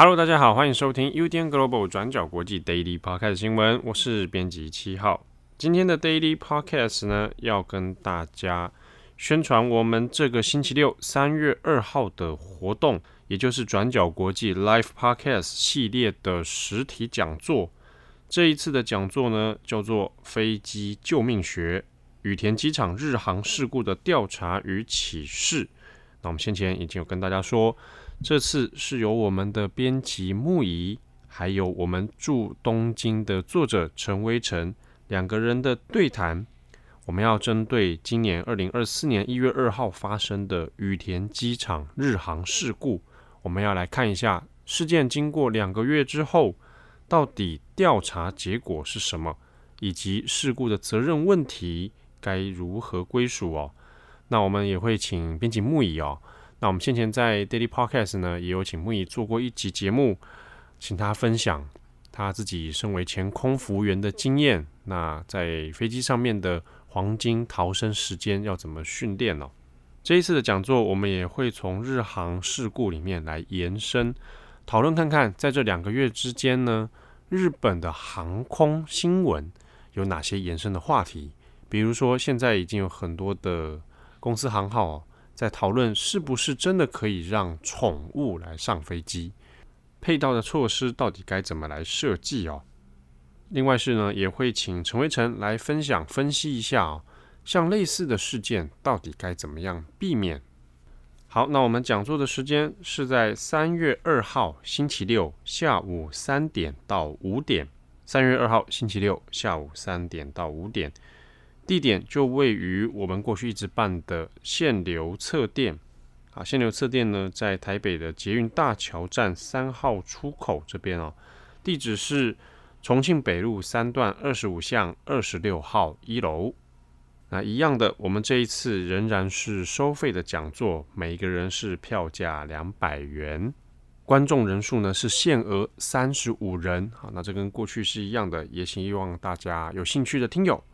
Hello，大家好，歡迎收聽 UDN Global 轉角國際 Daily Podcast 新聞，我是編輯七號。今天的 Daily Podcast 呢，要跟大家宣傳我們這個星期六三月二號的活動，也就是轉角國際 Live Podcast 系列的實體講座。這一次的講座呢，叫做《飛機救命學：羽田機場日航事故的調查與啟示》。那我們先前已經有跟大家說。這次是由我們的編輯牧宜，還有我們駐東京的作者陳威臣兩個人的對談。我們要針對今年二零二四年一月二號發生的羽田機場日航事故，我們要來看一下事件經過，兩個月之後，到底調查結果是什麼，以及事故的責任問題該如何歸屬哦？那我們也會請編輯牧宜哦。那我們先前在 Daily Podcast 呢，也有請牧宜做過一集節目，請他分享他自己身為前空服務員的經驗。那在飛機上面的黃金逃生時間要怎麼訓練呢、哦？這一次的講座，我們也會從日航事故裡面來延伸討論，看看在這兩個月之間呢，日本的航空新聞有哪些延伸的話題？比如說，現在已經有很多的公司行號，哦。在討論是不是真的可以讓寵物來上飛機，配套的措施到底該怎麼來設計哦？另外是呢，也會請陳威臣來分享分析一下哦，像類似的事件到底該怎麼樣避免？好，那我們講座的時間是在三月二號星期六下午三點到五點，三月二號星期六下午三點到五點。地點就位於我們過去一直辦的現流冊店，啊，現流冊店呢，在台北的捷運大橋站三號出口這邊哦。地址是重慶北路三段二十五巷二十六號一樓。那一樣的，我們這一次仍然是收費的講座，每個人是票價兩百元，觀眾人數呢是限額三十五人。好，那這跟過去是一樣的，也希望大家有興趣的聽友。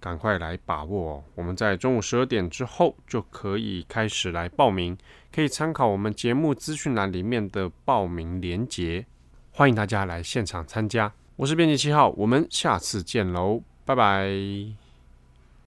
趕快來把握哦，我們在中午十二點之後就可以開始來報名，可以參考我們節目資訊欄裡面的報名鏈接。歡迎大家來現場參加，我是編輯七號，我們下次見囉，拜拜。